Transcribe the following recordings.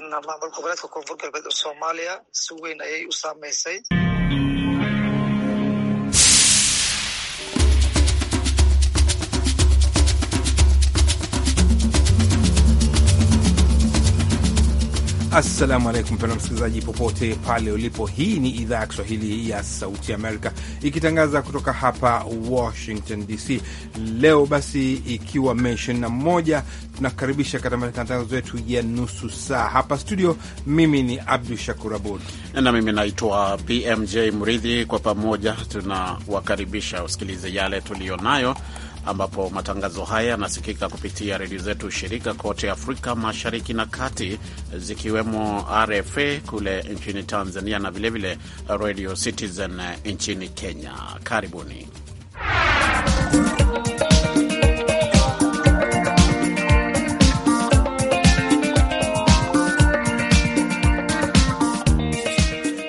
maamul goboleedka koonfur galbeed ee soomaaliya si weyn ayay u saameysay Assalamu alaikum pena msikilizaji, popote pale ulipo. Hii ni idhaa ya Kiswahili ya Sauti Amerika ikitangaza kutoka hapa Washington DC. Leo basi, ikiwa Mei 21 tunakaribisha katika matangazo yetu ya nusu saa hapa studio. Mimi ni Abdu Shakur Abud na mimi naitwa BMJ Mridhi. Kwa pamoja tunawakaribisha usikilize yale tuliyonayo ambapo matangazo haya yanasikika kupitia redio zetu shirika kote Afrika Mashariki na Kati, zikiwemo RFA kule nchini Tanzania na vilevile Radio Citizen nchini Kenya. Karibuni.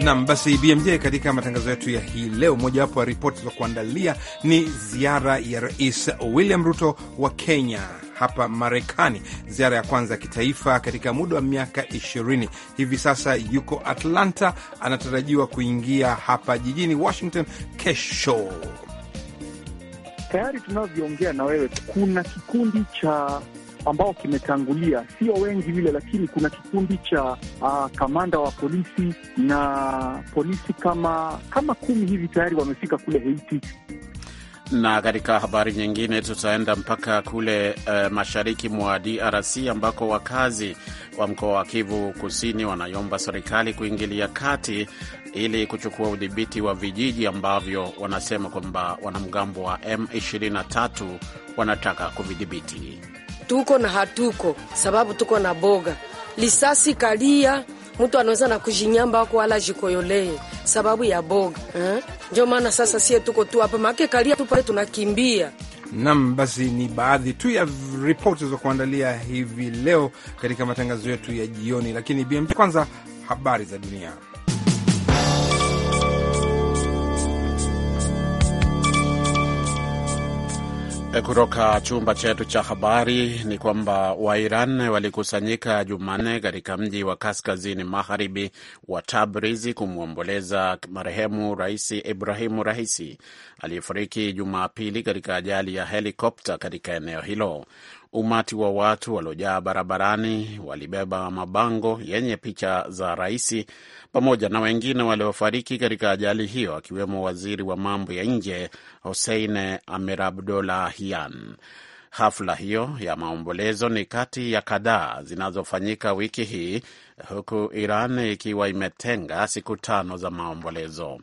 Nam basi, BMJ katika matangazo yetu ya hii leo, mojawapo ya ripoti za kuandalia ni ziara ya Rais William Ruto wa Kenya hapa Marekani, ziara ya kwanza ya kitaifa katika muda wa miaka ishirini. Hivi sasa yuko Atlanta, anatarajiwa kuingia hapa jijini Washington kesho. Tayari tunavyoongea na wewe, kuna kikundi cha ambao kimetangulia, sio wengi vile, lakini kuna kikundi cha uh, kamanda wa polisi na polisi kama kama kumi hivi tayari wamefika kule Haiti na katika habari nyingine tutaenda mpaka kule uh, mashariki mwa DRC ambako wakazi wa mkoa wa Kivu Kusini wanaiomba serikali kuingilia kati ili kuchukua udhibiti wa vijiji ambavyo wanasema kwamba wanamgambo wa M23 wanataka kuvidhibiti tuko na hatuko sababu tuko na boga lisasi kalia mtu anaweza na kujinyamba ako wala jikoyolee sababu ya boga eh? Ndio maana sasa sie tuko tu hapa make kalia tu pale tunakimbia. Nam, basi ni baadhi tu ya ripoti za kuandalia hivi leo katika matangazo yetu ya jioni, lakini BMT kwanza habari za dunia. Eh, kutoka chumba chetu cha habari ni kwamba Wairan walikusanyika Jumanne katika mji wa kaskazini magharibi wa Tabrizi kumwomboleza marehemu Rais Ibrahimu Raisi aliyefariki Jumapili katika ajali ya helikopta katika eneo hilo. Umati wa watu waliojaa barabarani walibeba mabango yenye picha za raisi pamoja na wengine waliofariki katika ajali hiyo, akiwemo waziri wa mambo ya nje Hossein Amirabdollahian. Hafla hiyo ya maombolezo ni kati ya kadhaa zinazofanyika wiki hii huku Iran ikiwa imetenga siku tano za maombolezo.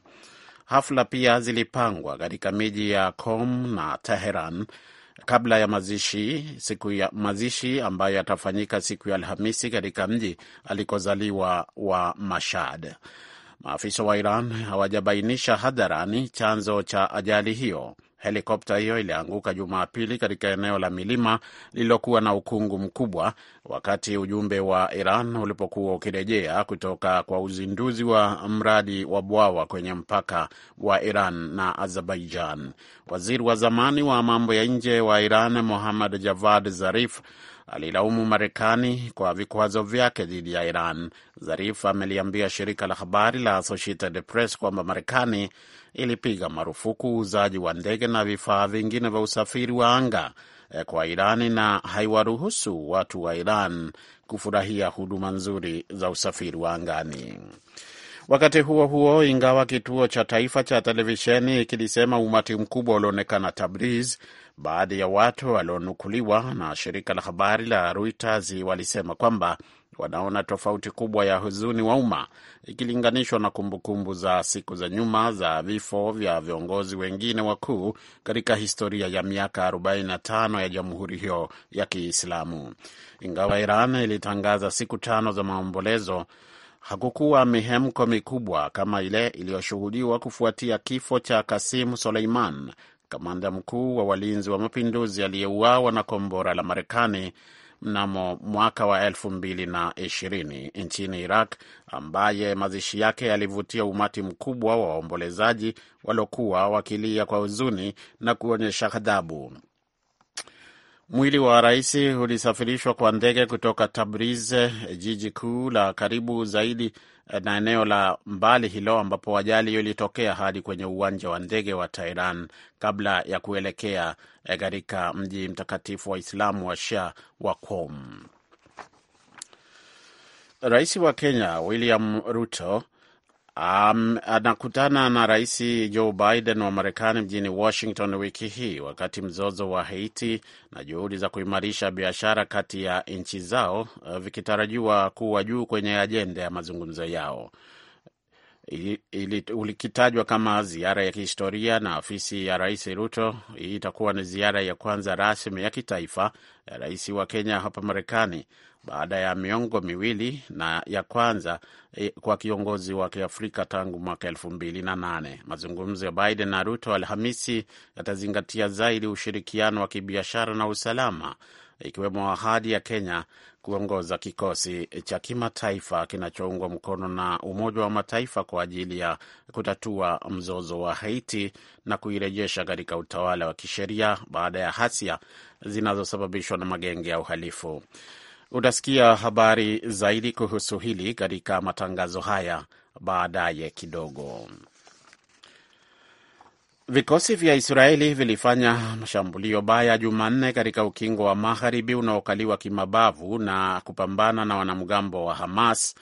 Hafla pia zilipangwa katika miji ya Qom na Teheran kabla ya mazishi siku ya mazishi ambayo yatafanyika siku ya Alhamisi katika mji alikozaliwa wa mashad Maafisa wa Iran hawajabainisha hadharani chanzo cha ajali hiyo. Helikopta hiyo ilianguka Jumapili katika eneo la milima lililokuwa na ukungu mkubwa wakati ujumbe wa Iran ulipokuwa ukirejea kutoka kwa uzinduzi wa mradi wa bwawa kwenye mpaka wa Iran na Azerbaijan. Waziri wa zamani wa mambo ya nje wa Iran Mohammad Javad Zarif alilaumu Marekani kwa vikwazo vyake dhidi ya Iran. Zarif ameliambia shirika la habari la Associated Press kwamba Marekani ilipiga marufuku uuzaji wa ndege na vifaa vingine vya usafiri wa anga eh, kwa iran na haiwaruhusu watu wa Iran kufurahia huduma nzuri za usafiri wa angani. Wakati huo huo, ingawa kituo cha taifa cha televisheni kilisema umati mkubwa ulionekana Tabriz Baadhi ya watu walionukuliwa na shirika la habari la Reuters walisema kwamba wanaona tofauti kubwa ya huzuni wa umma ikilinganishwa na kumbukumbu za siku za nyuma za vifo vya viongozi wengine wakuu katika historia ya miaka 45 ya jamhuri hiyo ya Kiislamu. Ingawa Iran ilitangaza siku tano za maombolezo, hakukuwa mihemko mikubwa kama ile iliyoshuhudiwa kufuatia kifo cha Kasim Soleiman, kamanda mkuu wa walinzi wa mapinduzi aliyeuawa na kombora la Marekani mnamo mwaka wa elfu mbili na ishirini nchini Iraq, ambaye mazishi yake yalivutia umati mkubwa wa waombolezaji waliokuwa wakilia kwa huzuni na kuonyesha ghadhabu. Mwili wa rais ulisafirishwa kwa ndege kutoka Tabriz, jiji kuu la karibu zaidi na eneo la mbali hilo ambapo ajali hiyo ilitokea hadi kwenye uwanja wa ndege wa Tehran kabla ya kuelekea eh, katika mji mtakatifu wa Islamu wa Shah wa Qom. Rais wa Kenya William Ruto Um, anakutana na rais Joe Biden wa Marekani mjini Washington wiki hii wakati mzozo wa Haiti na juhudi za kuimarisha biashara kati ya nchi zao eh, vikitarajiwa kuwa juu kwenye ajenda ya mazungumzo yao. Ulikitajwa kama ziara ya kihistoria na afisi ya rais Ruto, hii itakuwa ni ziara ya kwanza rasmi ya kitaifa ya rais wa Kenya hapa Marekani baada ya miongo miwili na ya kwanza eh, kwa kiongozi wa Kiafrika tangu mwaka elfu mbili na nane. Mazungumzo ya Biden na Ruto Alhamisi yatazingatia zaidi ushirikiano wa kibiashara na usalama, ikiwemo ahadi ya Kenya kuongoza kikosi cha kimataifa kinachoungwa mkono na Umoja wa Mataifa kwa ajili ya kutatua mzozo wa Haiti na kuirejesha katika utawala wa kisheria baada ya hasia zinazosababishwa na magenge ya uhalifu. Utasikia habari zaidi kuhusu hili katika matangazo haya baadaye kidogo. Vikosi vya Israeli vilifanya mashambulio baya Jumanne katika ukingo wa magharibi unaokaliwa kimabavu na kupambana na wanamgambo wa Hamas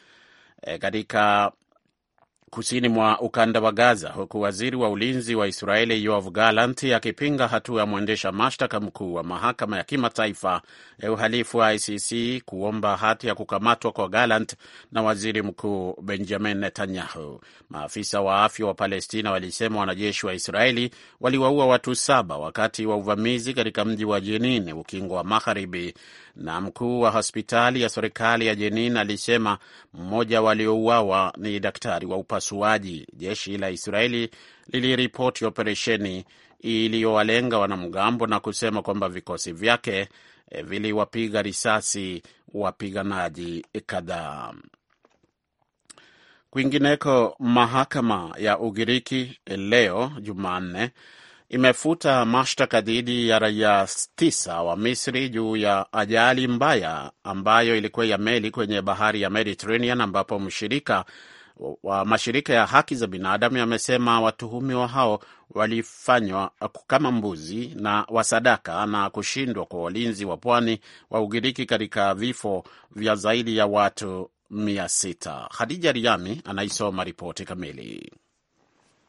eh, katika kusini mwa ukanda wa Gaza, huku waziri wa ulinzi wa Israeli Yoav Gallant akipinga hatua ya mwendesha mashtaka mkuu wa mahakama ya kimataifa ya uhalifu wa ICC kuomba hati ya kukamatwa kwa Gallant na waziri mkuu Benjamin Netanyahu. Maafisa wa afya wa Palestina walisema wanajeshi wa Israeli waliwaua watu saba wakati wa uvamizi katika mji wa Jenin, ukingo wa Magharibi, na mkuu wa hospitali ya serikali ya Jenin alisema mmoja waliouawa ni daktari wa upa upasuaji. Jeshi la Israeli liliripoti operesheni iliyowalenga wanamgambo na kusema kwamba vikosi vyake eh, viliwapiga risasi wapiganaji kadhaa. Kwingineko, mahakama ya Ugiriki eh, leo Jumanne imefuta mashtaka dhidi ya raia tisa wa Misri juu ya ajali mbaya ambayo ilikuwa ya meli kwenye bahari ya Mediterranean ambapo mshirika wa mashirika ya haki za binadamu yamesema watuhumiwa hao walifanywa kama mbuzi na wasadaka na kushindwa kwa walinzi wa pwani wa Ugiriki katika vifo vya zaidi ya watu mia sita. Khadija Riami anaisoma ripoti kamili.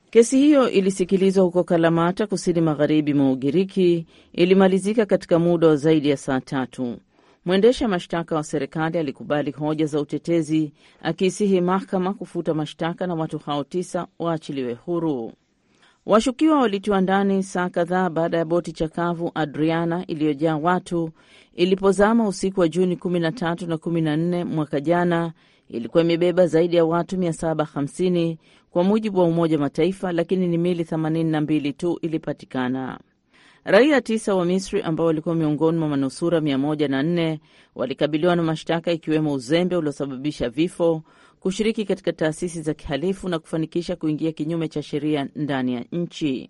Kesi hiyo ilisikilizwa huko Kalamata, kusini magharibi mwa Ugiriki. Ilimalizika katika muda wa zaidi ya saa tatu. Mwendesha mashtaka wa serikali alikubali hoja za utetezi akiisihi mahakama kufuta mashtaka na watu hao tisa waachiliwe huru. Washukiwa walitiwa ndani saa kadhaa baada ya boti chakavu Adriana iliyojaa watu ilipozama usiku wa Juni 13 na 14 mwaka jana. Ilikuwa imebeba zaidi ya watu 750 kwa mujibu wa Umoja wa Mataifa, lakini ni mili 82 tu ilipatikana. Raia tisa wa Misri ambao walikuwa miongoni mwa manusura 104 walikabiliwa na mashtaka ikiwemo uzembe uliosababisha vifo, kushiriki katika taasisi za kihalifu na kufanikisha kuingia kinyume cha sheria ndani ya nchi.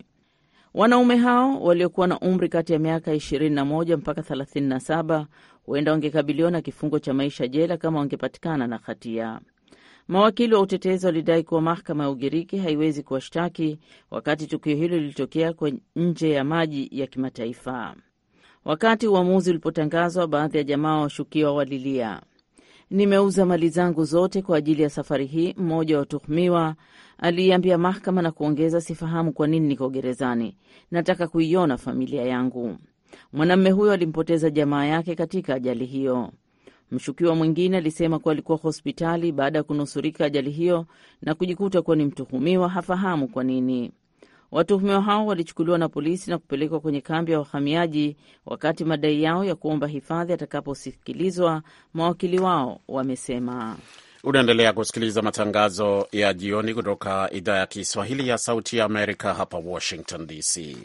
Wanaume hao waliokuwa na umri kati ya miaka 21 mpaka 37 huenda wangekabiliwa na kifungo cha maisha jela kama wangepatikana na hatia. Mawakili wa utetezi walidai kuwa mahakama ya Ugiriki haiwezi kuwashtaki wakati tukio hilo lilitokea nje ya maji ya kimataifa. Wakati uamuzi ulipotangazwa, baadhi ya jamaa wa washukiwa walilia, nimeuza mali zangu zote kwa ajili ya safari hii, mmoja wa watuhumiwa aliiambia mahakama na kuongeza, sifahamu kwa nini niko gerezani, nataka kuiona familia yangu. Mwanamume huyo alimpoteza jamaa yake katika ajali hiyo. Mshukiwa mwingine alisema kuwa alikuwa hospitali baada ya kunusurika ajali hiyo na kujikuta kuwa ni mtuhumiwa, hafahamu kwa nini. Watuhumiwa hao walichukuliwa na polisi na kupelekwa kwenye kambi ya wahamiaji, wakati madai yao ya kuomba hifadhi atakaposikilizwa, mawakili wao wamesema. Unaendelea kusikiliza matangazo ya jioni kutoka idhaa ya Kiswahili ya Sauti ya Amerika, hapa Washington DC.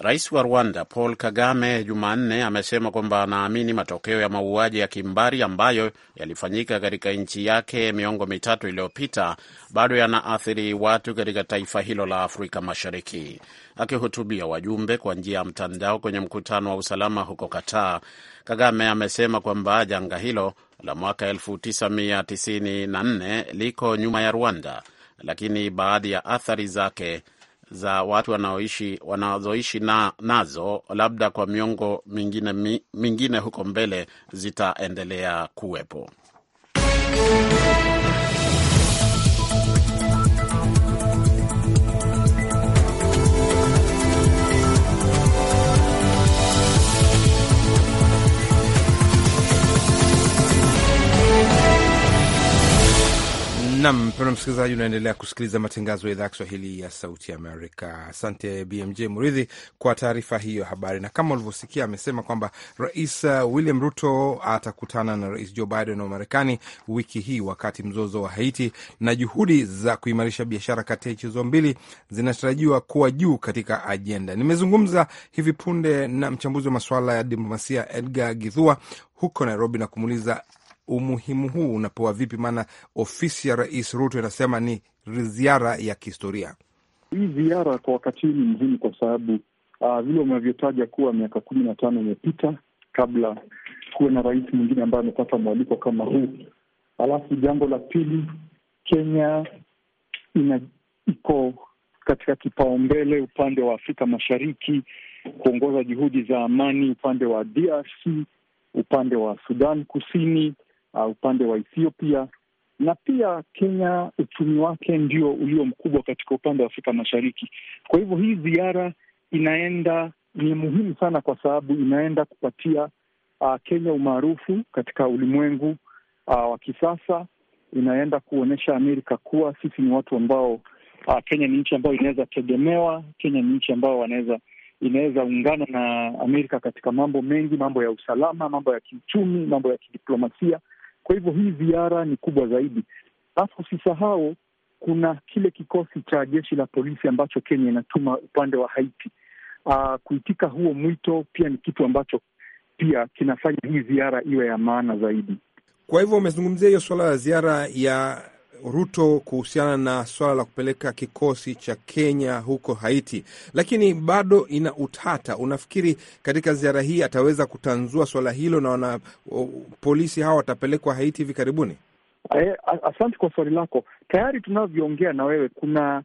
Rais wa Rwanda Paul Kagame Jumanne amesema kwamba anaamini matokeo ya mauaji ya kimbari ambayo yalifanyika katika nchi yake miongo mitatu iliyopita bado yanaathiri watu katika taifa hilo la Afrika Mashariki. Akihutubia wajumbe kwa njia ya mtandao kwenye mkutano wa usalama huko qatar Kagame amesema kwamba janga hilo la mwaka 1994 liko nyuma ya Rwanda, lakini baadhi ya athari zake za watu wanaoishi wanazoishi na, nazo labda kwa miongo mingine, mingine huko mbele zitaendelea kuwepo. Nam mpendwa msikilizaji, unaendelea kusikiliza matangazo ya idhaa ya Kiswahili ya Sauti Amerika. Asante BMJ Muridhi kwa taarifa hiyo habari. Na kama ulivyosikia, amesema kwamba Rais uh, William Ruto atakutana na Rais Joe Biden wa Marekani wiki hii, wakati mzozo wa Haiti na juhudi za kuimarisha biashara kati ya nchi hizo mbili zinatarajiwa kuwa juu katika ajenda. Nimezungumza hivi punde na mchambuzi wa masuala ya diplomasia Edgar Githua huko Nairobi na kumuuliza umuhimu huu unapewa vipi? Maana ofisi ya Rais Ruto inasema ni ziara ya kihistoria. Hii ziara kwa wakati huu ni muhimu kwa sababu uh, vile unavyotaja kuwa miaka kumi na tano imepita kabla kuwe na rais mwingine ambaye amepata mwaliko kama huu. Alafu jambo la pili, Kenya ina iko katika kipaumbele upande wa Afrika Mashariki kuongoza juhudi za amani, upande wa DRC, upande wa Sudan Kusini, uh, upande wa Ethiopia na pia Kenya uchumi wake ndio ulio mkubwa katika upande wa Afrika Mashariki. Kwa hivyo hii ziara inaenda ni muhimu sana, kwa sababu inaenda kupatia uh, Kenya umaarufu katika ulimwengu uh, wa kisasa. Inaenda kuonyesha Amerika kuwa sisi ni watu ambao, uh, Kenya ni nchi ambayo inaweza tegemewa. Kenya ni nchi ambayo wanaweza inaweza ungana na Amerika katika mambo mengi, mambo ya usalama, mambo ya kiuchumi, mambo ya kidiplomasia kwa hivyo hii ziara ni kubwa zaidi. Alafu usisahau kuna kile kikosi cha jeshi la polisi ambacho Kenya inatuma upande wa Haiti. Uh, kuitika huo mwito pia ni kitu ambacho pia kinafanya hii ziara iwe ya maana zaidi. Kwa hivyo umezungumzia hiyo suala la ziara ya Ruto kuhusiana na swala la kupeleka kikosi cha Kenya huko Haiti, lakini bado ina utata. Unafikiri katika ziara hii ataweza kutanzua swala hilo na wana polisi hawa watapelekwa Haiti hivi karibuni? Eh, asante kwa swali lako. Tayari tunavyoongea na wewe kuna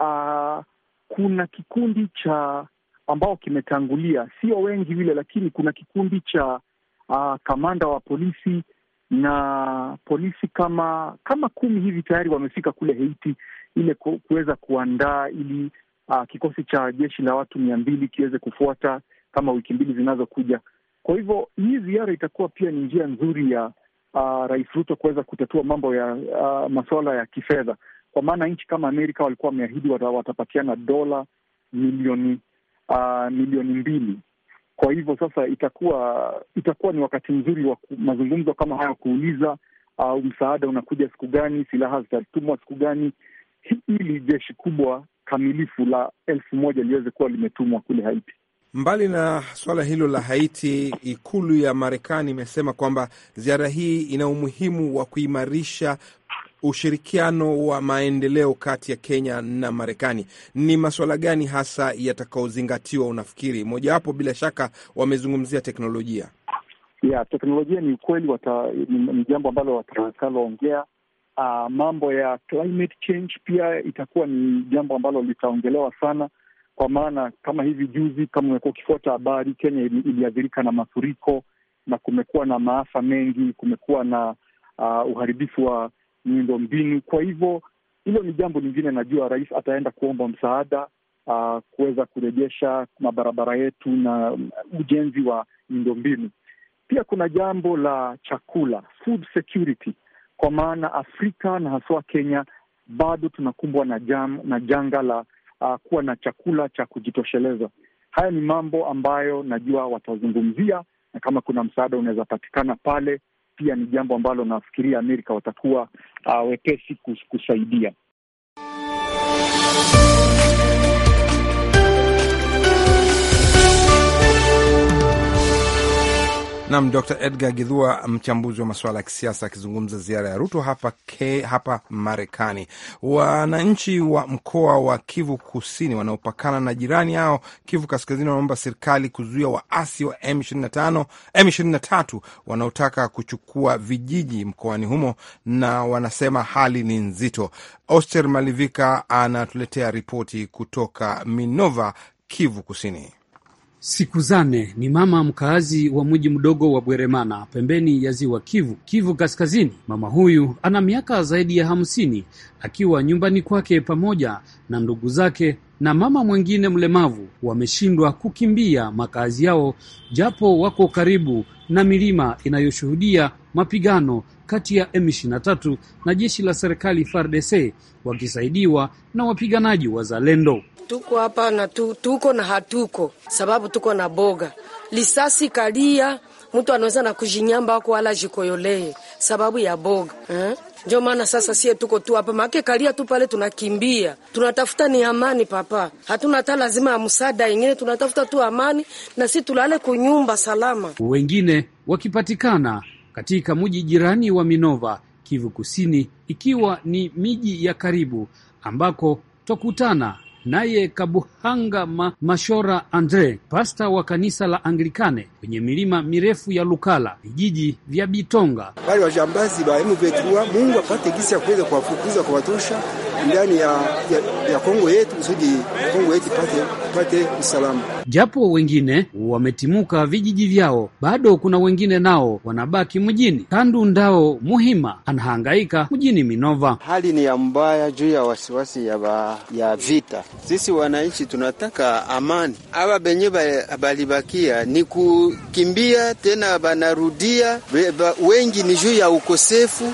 uh, kuna kikundi cha ambao kimetangulia, sio wengi vile, lakini kuna kikundi cha uh, kamanda wa polisi na polisi kama kama kumi hivi tayari wamefika kule Haiti ile kuweza kuandaa ili uh, kikosi cha jeshi la watu mia mbili kiweze kufuata kama wiki mbili zinazokuja. Kwa hivyo hii ziara itakuwa pia ni njia nzuri ya uh, Rais Ruto kuweza kutatua mambo ya uh, masuala ya kifedha, kwa maana nchi kama Amerika walikuwa wameahidi watapatiana dola milioni uh, milioni mbili kwa hivyo sasa itakuwa itakuwa ni wakati mzuri wa mazungumzo kama haya, kuuliza au msaada unakuja siku gani, silaha zitatumwa siku gani, ili jeshi kubwa kamilifu la elfu moja liweze kuwa limetumwa kule Haiti. Mbali na suala hilo la Haiti, ikulu ya Marekani imesema kwamba ziara hii ina umuhimu wa kuimarisha ushirikiano wa maendeleo kati ya Kenya na Marekani, ni maswala gani hasa yatakaozingatiwa unafikiri? Mojawapo bila shaka wamezungumzia teknolojia. Ya teknolojia ni ukweli, ni jambo ambalo watakaloongea. Uh, ah, mambo ya climate change pia itakuwa ni jambo ambalo litaongelewa sana, kwa maana kama hivi juzi, kama umekuwa ukifuata habari, Kenya iliathirika na mafuriko na kumekuwa na maafa mengi, kumekuwa na uh, uharibifu wa miundo mbinu. Kwa hivyo hilo ni jambo lingine, najua rais ataenda kuomba msaada uh, kuweza kurejesha mabarabara yetu na ujenzi wa miundo mbinu. Pia kuna jambo la chakula, food security, kwa maana Afrika na haswa Kenya bado tunakumbwa na jam, na janga la uh, kuwa na chakula cha kujitosheleza. Haya ni mambo ambayo najua watazungumzia, na kama kuna msaada unaweza patikana pale pia ni jambo ambalo nafikiria Amerika watakuwa uh, wepesi kus, kusaidia. Nam Dr Edgar gidhua mchambuzi wa masuala ya kisiasa, akizungumza ziara ya Ruto hapa, ke, hapa Marekani. Wananchi wa mkoa wa Kivu Kusini wanaopakana na jirani yao Kivu Kaskazini wanaomba serikali kuzuia waasi wa M25, M23 wanaotaka kuchukua vijiji mkoani humo, na wanasema hali ni nzito. Oster Malivika anatuletea ripoti kutoka Minova, Kivu Kusini. Sikuzane ni mama mkaazi wa mji mdogo wa Bweremana pembeni ya ziwa Kivu, Kivu Kaskazini. Mama huyu ana miaka zaidi ya hamsini akiwa nyumbani kwake pamoja na ndugu zake na mama mwingine mlemavu wameshindwa kukimbia makazi yao, japo wako karibu na milima inayoshuhudia mapigano kati ya M23 na jeshi la serikali FARDC wakisaidiwa na wapiganaji wa Zalendo tuko hapa na tu, tuko na hatuko sababu tuko na boga lisasi kalia mtu anaweza na kujinyamba ako wala jikoyolee sababu ya boga eh? Ndio maana sasa sie tuko tu hapa make kalia tu pale, tunakimbia tunatafuta ni amani papa, hatuna hata lazima ya msaada yengine, tunatafuta tu amani na si tulale kunyumba salama. Wengine wakipatikana katika mji jirani wa Minova, Kivu Kusini, ikiwa ni miji ya karibu ambako twakutana naye Kabuhanga ma Mashora Andre, pasta wa kanisa la Anglikane kwenye milima mirefu ya Lukala, vijiji vya Bitonga. Wale wajambazi baemu vetua Mungu apate gisi ya kuweza kuwafukuza kwa watosha ndani ya, ya, ya Kongo yetu kusudi Kongo yetu pate, pate usalama. Japo wengine wametimuka vijiji vyao, bado kuna wengine nao wanabaki mjini. Kandu Ndao Muhima anahangaika mjini Minova. Hali ni ya mbaya juu ya wasiwasi ya, ba, ya vita. Sisi wananchi tunataka amani. Aba benye balibakia ni kukimbia tena, banarudia wengi ni juu ya ukosefu,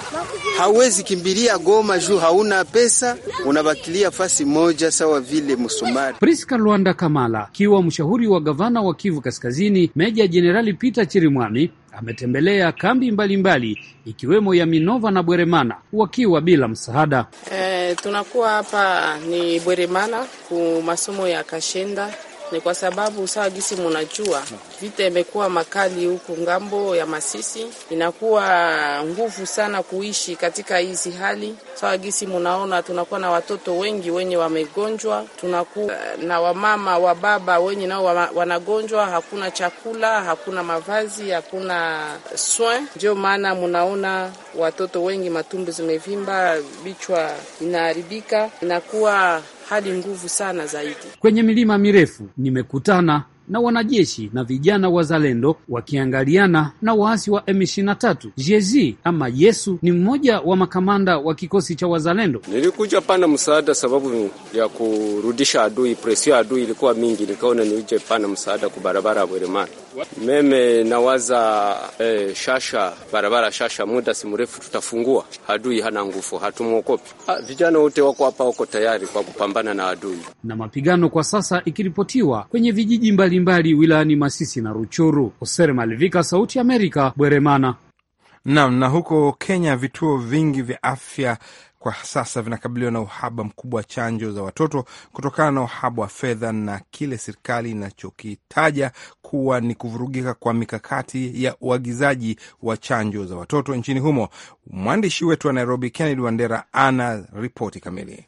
hawezi kimbilia Goma juu hauna pesa Mpira unabakilia fasi moja sawa vile msumari. Priska Lwanda Kamala akiwa mshauri wa gavana wa Kivu Kaskazini, Meja Jenerali Peter Chirimwami ametembelea kambi mbalimbali mbali, ikiwemo ya Minova na Bweremana wakiwa bila msaada. Eh, tunakuwa hapa ni Bweremana ku masomo ya Kashenda ni kwa sababu sawa gisi munajua vita imekuwa makali huku ngambo ya Masisi, inakuwa nguvu sana kuishi katika hizi hali. Sawa gisi munaona, tunakuwa na watoto wengi wenye wamegonjwa, tunakuwa eh, na wamama wa baba wenye nao wanagonjwa, hakuna chakula, hakuna mavazi, hakuna swin. Ndio maana munaona watoto wengi matumbu zimevimba, vichwa inaharibika, inakuwa hadi nguvu sana zaidi. Kwenye milima mirefu nimekutana na wanajeshi na vijana wazalendo wakiangaliana na waasi wa M23. Jezi ama Yesu ni mmoja wa makamanda wa kikosi cha wazalendo. Nilikuja pana msaada sababu ya kurudisha adui, presio adui ilikuwa mingi, nikaona niuje pana msaada kwa barabara ya Bweremani. Meme nawaza eh, shasha barabara shasha, muda si mrefu tutafungua. Adui hana nguvu, hatumwokopi. Ha, ah, vijana wote wako hapa, wako tayari kwa kupambana na adui. Na mapigano kwa sasa ikiripotiwa kwenye vijiji mbalimbali wilayani Masisi na Ruchuru. Oser Malivika, Sauti Amerika, Bweremana. Naam, na huko Kenya vituo vingi vya afya kwa sasa vinakabiliwa na uhaba mkubwa wa chanjo za watoto kutokana na uhaba wa fedha na kile serikali inachokitaja kuwa ni kuvurugika kwa mikakati ya uagizaji wa chanjo za watoto nchini humo. Mwandishi wetu wa Nairobi, Kennedy Wandera, ana ripoti kamili.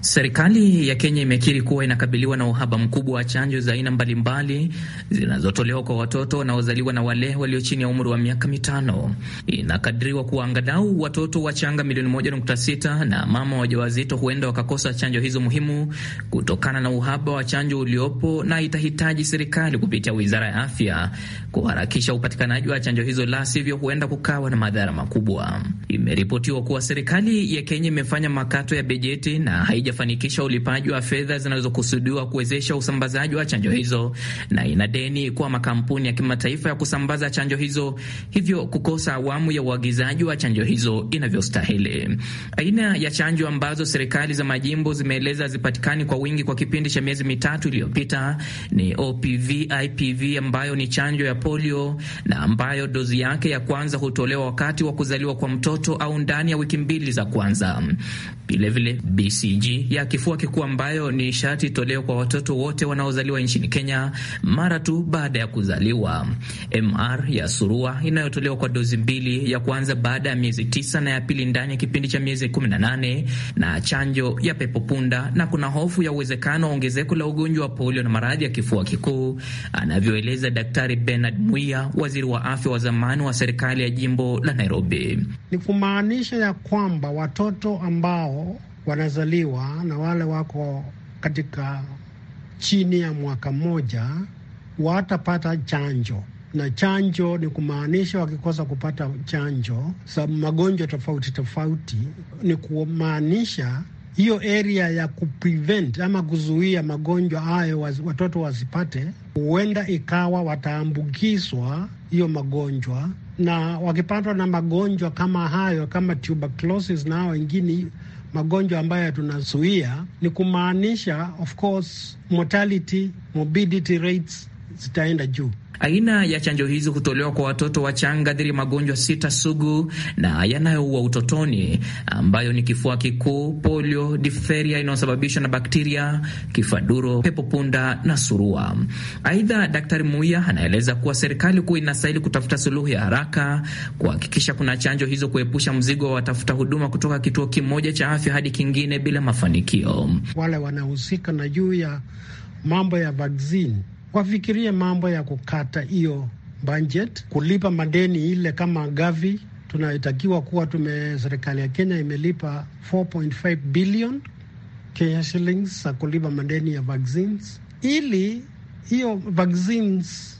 Serikali ya Kenya imekiri kuwa inakabiliwa na uhaba mkubwa wa chanjo za aina mbalimbali zinazotolewa kwa watoto wanaozaliwa na wale walio chini ya umri wa miaka mitano. Inakadiriwa kuwa angalau watoto wachanga milioni 1.6 na mama wajawazito huenda wakakosa chanjo hizo muhimu kutokana na uhaba wa chanjo uliopo, na itahitaji serikali kupitia wizara ya afya kuharakisha upatikanaji wa chanjo hizo, la sivyo huenda kukawa na madhara makubwa. Imeripotiwa kuwa serikali ya Kenya imefanya makato ya bajeti na haija haijafanikisha ulipaji wa fedha zinazokusudiwa kuwezesha usambazaji wa chanjo hizo na ina deni kwa makampuni ya kimataifa ya kusambaza chanjo hizo, hivyo kukosa awamu ya uagizaji wa chanjo hizo inavyostahili. Aina ya chanjo ambazo serikali za majimbo zimeeleza zipatikani kwa wingi kwa kipindi cha miezi mitatu iliyopita ni OPV, IPV ambayo ni chanjo ya polio na ambayo dozi yake ya kwanza hutolewa wakati wa kuzaliwa kwa mtoto au ndani ya wiki mbili za kwanza. Vilevile BCG ya kifua kikuu ambayo ni sharti itolewe kwa watoto wote wanaozaliwa nchini Kenya mara tu baada ya kuzaliwa. MR ya surua inayotolewa kwa dozi mbili, ya kwanza baada ya miezi tisa na ya pili ndani ya kipindi cha miezi 18, na chanjo ya pepopunda, na kuna hofu ya uwezekano wa ongezeko la ugonjwa wa polio na maradhi ya kifua kikuu, anavyoeleza Daktari Bernard Mwia, waziri wa afya wa zamani wa serikali ya jimbo la Nairobi. Ni kumaanisha ya kwamba watoto ambao wanazaliwa na wale wako katika chini ya mwaka mmoja watapata chanjo, na chanjo ni kumaanisha wakikosa kupata chanjo za magonjwa tofauti tofauti, ni kumaanisha hiyo area ya kuprevent ama kuzuia magonjwa hayo watoto wasipate, huenda ikawa wataambukizwa hiyo magonjwa, na wakipatwa na magonjwa kama hayo kama tuberculosis na hao wengine magonjwa ambayo tunazuia, ni kumaanisha of course mortality morbidity rates zitaenda juu. Aina ya chanjo hizi hutolewa kwa watoto wachanga dhidi ya magonjwa sita sugu na yanayoua utotoni ambayo ni kifua kikuu, polio, difteria inayosababishwa na bakteria, kifaduro, pepopunda na surua. Aidha, Daktari Muya anaeleza kuwa serikali kuu inastahili kutafuta suluhu ya haraka kuhakikisha kuna chanjo hizo, kuepusha mzigo wa watafuta huduma kutoka kituo kimoja cha afya hadi kingine bila mafanikio. Wale wanahusika na juu ya mambo ya vaksini wafikirie mambo ya kukata hiyo budget, kulipa madeni ile kama Gavi. Tunatakiwa kuwa tume, serikali ya Kenya imelipa 4.5 billion Kenya shillings za kulipa madeni ya vaccines, ili hiyo vaccines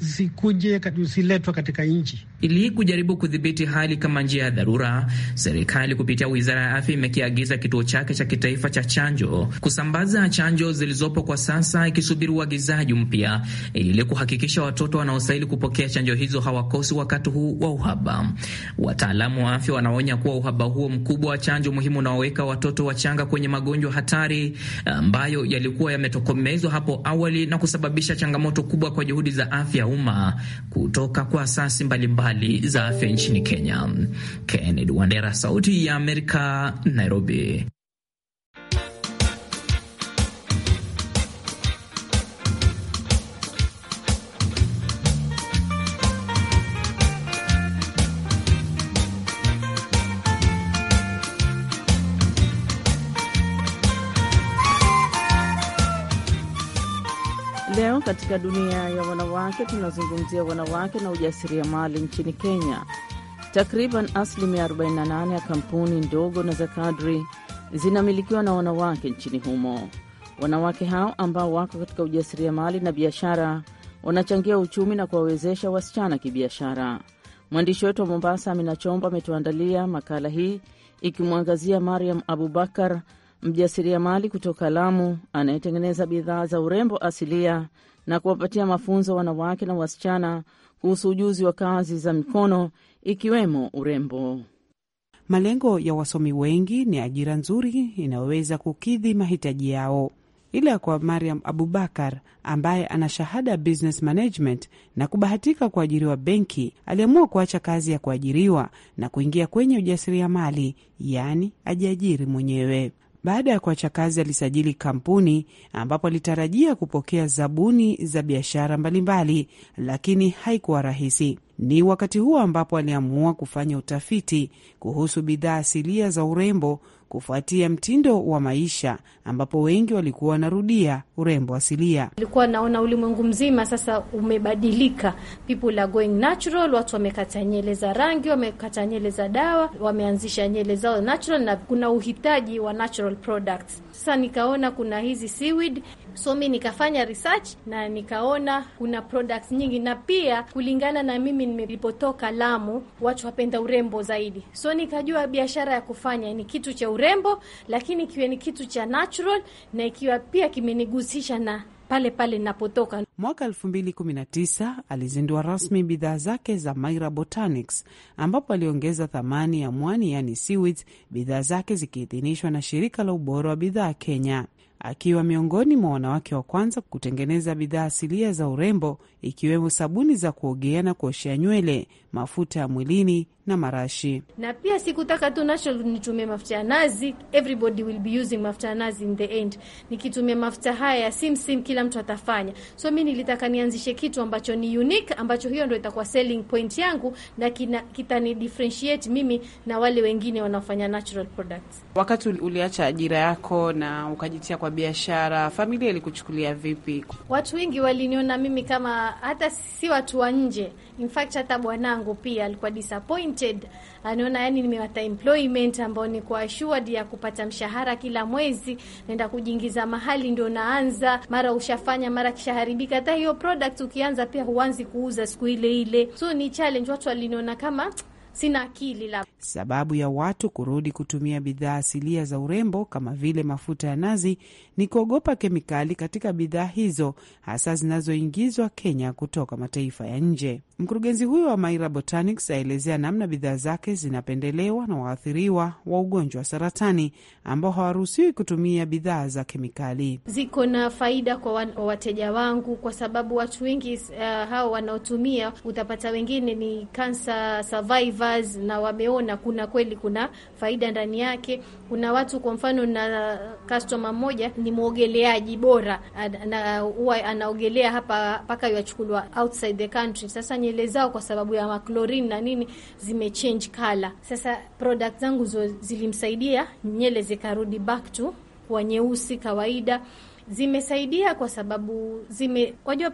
zikuje, ziletwe katika nchi ili kujaribu kudhibiti hali kama njia ya dharura, serikali kupitia wizara ya afya imekiagiza kituo chake cha kitaifa cha chanjo kusambaza chanjo zilizopo kwa sasa, ikisubiri uagizaji mpya ili kuhakikisha watoto wanaostahili kupokea chanjo hizo hawakosi wakati huu wa uhaba. Wataalamu wa afya wanaonya kuwa uhaba huo mkubwa wa chanjo muhimu unaoweka watoto wachanga kwenye magonjwa hatari ambayo yalikuwa yametokomezwa hapo awali na kusababisha changamoto kubwa kwa juhudi za afya umma kutoka kwa asasi mbalimbali hali za afya nchini Kenya. Kennedy Wandera, Sauti ya Amerika, Nairobi. katika dunia ya wanawake tunazungumzia wanawake na ujasiriamali nchini Kenya. Takriban asilimia 48 ya kampuni ndogo na za kadri zinamilikiwa na wanawake nchini humo. Wanawake hao ambao wako katika ujasiriamali na biashara wanachangia uchumi na kuwawezesha wasichana kibiashara. Mwandishi wetu wa Mombasa, Amina Chombo, ametuandalia makala hii ikimwangazia Mariam Abubakar, mjasiriamali kutoka Lamu anayetengeneza bidhaa za urembo asilia na kuwapatia mafunzo wanawake na wasichana kuhusu ujuzi wa kazi za mikono ikiwemo urembo. Malengo ya wasomi wengi ni ajira nzuri inayoweza kukidhi mahitaji yao, ila kwa Mariam Abubakar ambaye ana shahada ya business management na kubahatika kuajiriwa benki, aliamua kuacha kazi ya kuajiriwa na kuingia kwenye ujasiriamali, yaani ajiajiri mwenyewe. Baada ya kuacha kazi, alisajili kampuni ambapo alitarajia kupokea zabuni za biashara mbalimbali, lakini haikuwa rahisi. Ni wakati huo ambapo aliamua kufanya utafiti kuhusu bidhaa asilia za urembo kufuatia mtindo wa maisha ambapo wengi walikuwa wanarudia urembo asilia. ilikuwa naona ulimwengu mzima sasa umebadilika, people are going natural. Watu wamekata nyele za rangi, wamekata nyele za dawa, wameanzisha nyele zao natural, na kuna uhitaji wa natural products. Sasa nikaona kuna hizi seaweed So mi nikafanya research na nikaona kuna products nyingi, na pia kulingana na mimi nilipotoka Lamu, watu wapenda urembo zaidi, so nikajua biashara ya kufanya ni kitu cha urembo, lakini ikiwe ni kitu cha natural na ikiwa pia kimenigusisha na pale pale napotoka. Mwaka 2019 alizindua rasmi bidhaa zake za Maira Botanics, ambapo aliongeza thamani ya mwani, yani seaweeds, bidhaa zake zikiidhinishwa na shirika la ubora wa bidhaa Kenya akiwa miongoni mwa wanawake wa kwanza kutengeneza bidhaa asilia za urembo ikiwemo sabuni za kuogea na kuoshea nywele, mafuta ya mwilini na marashi. Na pia sikutaka tu national nitumie mafuta ya nazi, everybody will be using mafuta ya nazi in the end. Nikitumia mafuta haya ya simsim, kila mtu atafanya. So mi nilitaka nianzishe kitu ambacho ni unique, ambacho hiyo ndo itakuwa selling point yangu na kitani differentiate mimi na wale wengine wanaofanya natural products. Wakati uliacha ajira yako na ukajitia kwa biashara, familia ilikuchukulia vipi? Watu wengi waliniona mimi kama hata si watu wa nje. In fact hata bwanangu pia alikuwa disappointed, anaona yani nimewata employment ambao kwa assured ya kupata mshahara kila mwezi, naenda kujiingiza mahali ndio naanza, mara ushafanya mara kishaharibika. Hata hiyo product ukianza pia huanzi kuuza siku ile ile, so ni challenge. Watu waliniona kama sina akili la sababu ya watu kurudi kutumia bidhaa asilia za urembo kama vile mafuta ya nazi ni kuogopa kemikali katika bidhaa hizo hasa zinazoingizwa Kenya kutoka mataifa ya nje. Mkurugenzi huyo wa Maira Botanics aelezea namna bidhaa zake zinapendelewa na waathiriwa wa ugonjwa wa saratani ambao hawaruhusiwi kutumia bidhaa za kemikali. Ziko na faida kwa wateja wangu kwa sababu watu wengi uh, hao wanaotumia utapata wengine ni cancer survivor covers na wameona kuna kweli kuna faida ndani yake. Kuna watu kwa mfano, na customer mmoja ni mwogeleaji bora na huwa anaogelea hapa mpaka yachukuliwa outside the country. Sasa nyele zao kwa sababu ya maklorini na nini zimechange color. Sasa product zangu zo zilimsaidia nyele zikarudi back to kwa nyeusi kawaida zimesaidia kwa sababu zime, wajua,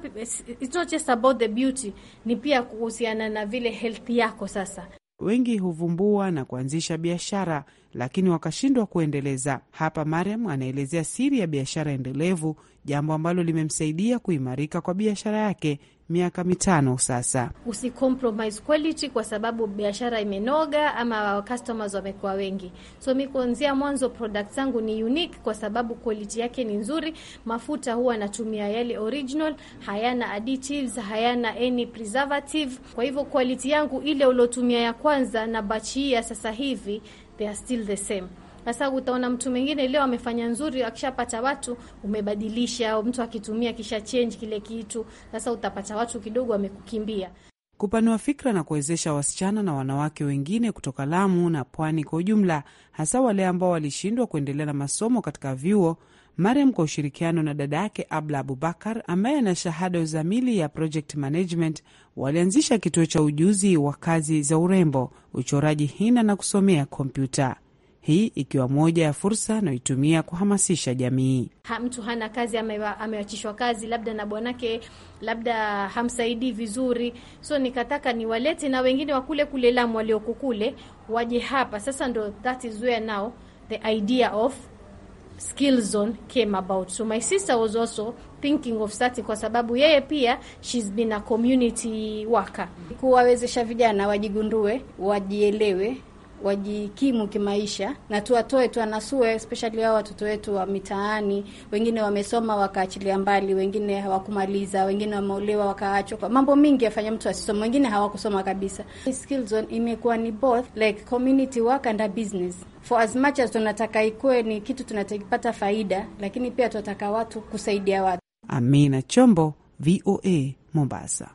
it's not just about the beauty, ni pia kuhusiana na vile health yako. Sasa Wengi huvumbua na kuanzisha biashara, lakini wakashindwa kuendeleza. Hapa Mariam anaelezea siri ya biashara endelevu, jambo ambalo limemsaidia kuimarika kwa biashara yake miaka mitano sasa. Usicompromise quality kwa sababu biashara imenoga ama customers wamekuwa wengi. So mi kuanzia mwanzo product zangu ni unique kwa sababu quality yake ni nzuri. Mafuta huwa natumia yale original, hayana additives, hayana any preservative. Kwa hivyo quality yangu ile uliotumia ya kwanza na batch hii ya sasa hivi they are still the same kwa utaona mtu mwingine leo amefanya nzuri, akishapata watu umebadilisha, au mtu akitumia kisha change kile kitu, sasa utapata watu kidogo wamekukimbia. Kupanua fikra na kuwezesha wasichana na wanawake wengine kutoka Lamu na pwani kwa ujumla, hasa wale ambao walishindwa kuendelea na masomo katika vyuo Mariam kwa ushirikiano na dada yake Abla Abubakar ambaye ana shahada ya uzamili ya project management walianzisha kituo cha ujuzi wa kazi za urembo, uchoraji hina na kusomea kompyuta hii ikiwa moja ya fursa anayoitumia kuhamasisha jamii. Ha, mtu hana kazi amewachishwa kazi labda na bwanake, labda hamsaidii vizuri, so nikataka niwalete na wengine wa kule kule Lamu waliokukule waje hapa sasa, ndo that is where now the idea of skill zone came about. So my sister was also thinking of starting, kwa sababu yeye pia she's been a community worker, kuwawezesha vijana wajigundue, wajielewe wajikimu kimaisha na tuwatoe, tuwanasue, especially hao watoto wetu wa mitaani. Wengine wamesoma wakaachilia mbali, wengine hawakumaliza, wengine wameolewa wakaachwa kwa mambo mingi yafanya mtu asisoma wengine hawakusoma kabisa. Skill zone imekuwa ni both like community work and a business for as much as tunataka ikuwe ni kitu tunachokipata faida, lakini pia tunataka watu kusaidia watu. Amina Chombo, VOA, Mombasa.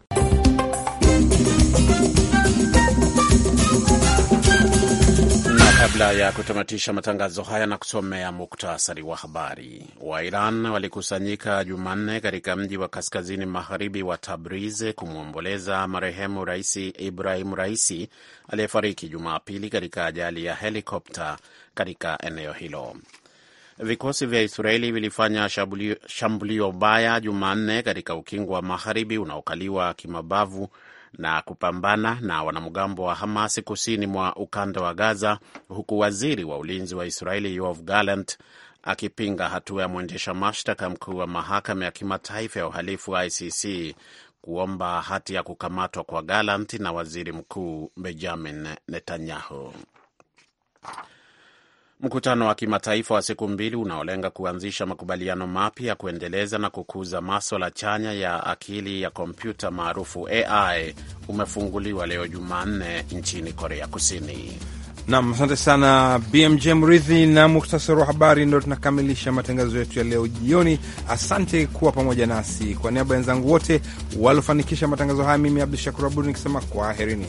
Kabla ya kutamatisha matangazo haya na kusomea muktasari wa habari, wa iran walikusanyika Jumanne katika mji wa kaskazini magharibi wa Tabriz kumwomboleza marehemu Raisi Ibrahim Raisi aliyefariki Jumapili katika ajali ya helikopta katika eneo hilo. Vikosi vya Israeli vilifanya shambulio baya Jumanne katika ukingo wa magharibi unaokaliwa kimabavu na kupambana na wanamgambo wa Hamas kusini mwa ukanda wa Gaza, huku waziri wa ulinzi wa Israeli Yoav Gallant akipinga hatua ya mwendesha mashtaka mkuu wa mahakama ya kimataifa ya uhalifu wa ICC kuomba hati ya kukamatwa kwa Gallant na waziri mkuu Benjamin Netanyahu. Mkutano wa kimataifa wa siku mbili unaolenga kuanzisha makubaliano mapya ya kuendeleza na kukuza maswala chanya ya akili ya kompyuta maarufu AI umefunguliwa leo Jumanne nchini Korea Kusini. Nam, asante sana BMJ Mridhi na muhtasari wa habari. Ndo tunakamilisha matangazo yetu ya leo jioni. Asante kuwa pamoja nasi. Kwa niaba ya wenzangu wote waliofanikisha matangazo haya, mimi Abdu Shakur Abud nikisema kwaherini.